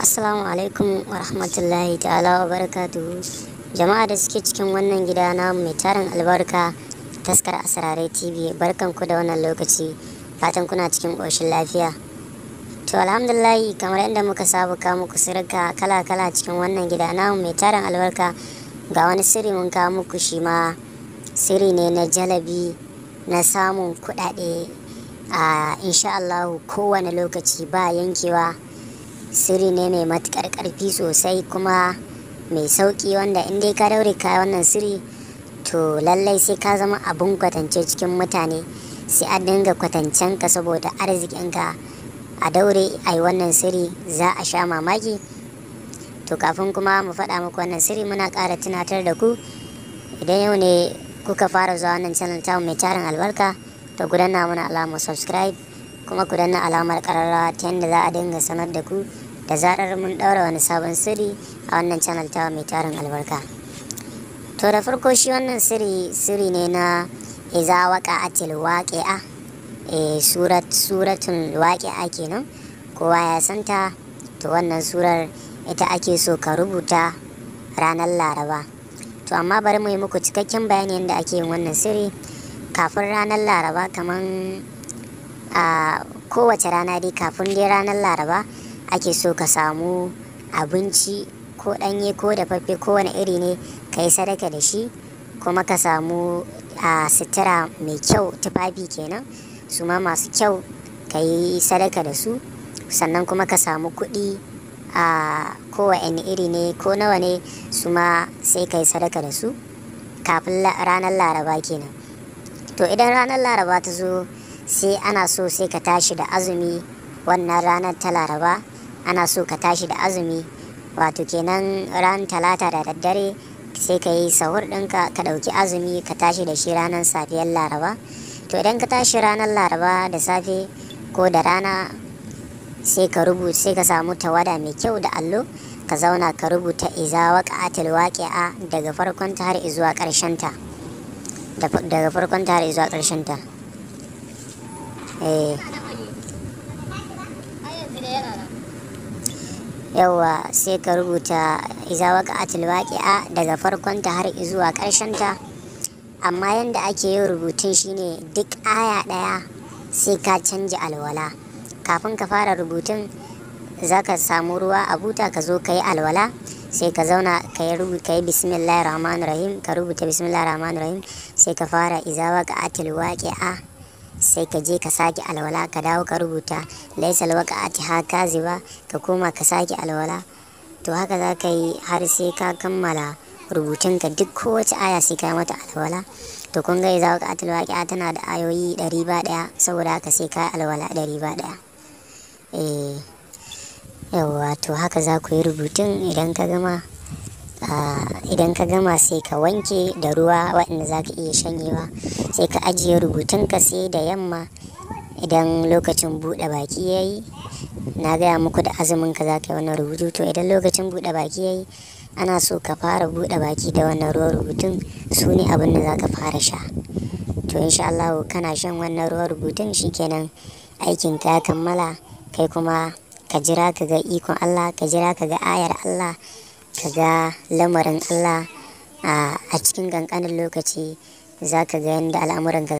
Assalamu alaikum wa rahmatullahi ta'ala wa barakatuhu. Jama'a da suke cikin wannan gida na mai tarin albarka taskar asarare TV barkan ku da wannan lokaci fatan kuna cikin ƙoshin lafiya. To alhamdulillahi kamar yadda muka saba ka muku sirrika kala kala cikin wannan gida na mai tarin albarka ga wani sirri mun kawo muku shi ma sirri ne na jalabi na samun kuɗaɗe a ah, insha kowane lokaci ba yankewa. sirri ne mai matukar karfi sosai kuma mai sauki wanda in dai ka daure ka wannan siri to lallai sai ka zama abun kwatance cikin mutane sai a dinga kwatancen ka saboda arzikinka a daure a yi wannan siri za a sha mamaki to kafin kuma mu faɗa muku wannan siri muna kara tunatar da ku idan yau ne kuka fara zuwa wannan channel ta mai tarin albarka to ku danna mana alamar subscribe kuma ku danna alamar ƙararrawa ta yadda za a dinga sanar da ku da zarar mun daura wani sabon sirri a wannan channel ta mai tarin albarka to da farko shi wannan sirri sirri ne na iza waka atil waƙi'a eh surat suratun waqi'a kenan kowa ya ta to wannan surar ita ake so ka rubuta ranar laraba to amma bari mu yi muku cikakken bayani yadda ake yin wannan sirri kafin ranar laraba kaman a ah, kowace rana dai kafin dai ranar laraba ake so ka samu abinci ko ɗanye ko dafaffe ko wani iri ne ka sadaka da shi kuma ka samu a sitira mai kyau tufafi kenan su ma masu kyau ka yi sadaka da su sannan kuma ka samu kuɗi a kowane iri ne ko nawa ne su ma sai ka yi sadaka da su kafin ranar laraba kenan to idan ranar laraba ta zo sai ana so sai ka tashi da azumi wannan ranar ta laraba ana so ka tashi da azumi wato kenan ran talata da daddare sai ka yi sahur ɗinka ka ɗauki azumi ka tashi da shi ranar safiyar laraba to idan ka tashi ranar laraba da safe ko da rana sai ka rubuta sai ka samu tawada mai kyau da allo ka zauna ka rubuta iza waqa'atil waqi'a daga farkon ta har zuwa ƙarshen ta daga farkon har zuwa ƙarshen ta eh yawa sai ka rubuta ka atil a daga farkonta har zuwa ta amma yadda ake yin rubutun shine duk aya ɗaya sai ka canja alwala kafin ka fara rubutun za ka samu ruwa a buta ka zo ka yi alwala sai ka zauna ka yi rubuta ka bismillahir ka rubuta bismillahir sai ka fara izawa ka atil a. sai ka je ka sake alwala ka dawo ka rubuta laisal ta haka ziba ka koma ka sake alwala to haka za ka yi har sai ka kammala rubutun ka duk kowace aya sai ka mata alwala to kun gai a idza waqa'atul a tana da ayoyi dari ba daya saboda haka sai ka alwala dari ba daya eh yawwa to haka za ku yi rubutun idan ka gama Ah, idan ka gama sai ka wanke da ruwa waɗanda za ka iya shanyewa sai ka ajiye rubutunka sai da yamma idan lokacin buɗe baki ya yi na gaya muku da azumin ka za ka yi wannan rubutu to idan lokacin buɗe baki ya yi ana so ka fara buɗe baki da wannan ruwan rubutun su ne abin da za ka fara sha to insha Allah kana shan wannan ruwan rubutun shi shikenan aikin ka kammala kai kuma ka jira ka ga ikon Allah ka jira ka ga ayar Allah ka ga lamarin Allah a cikin ƙanƙanin lokaci za ka ga yadda al'amuranka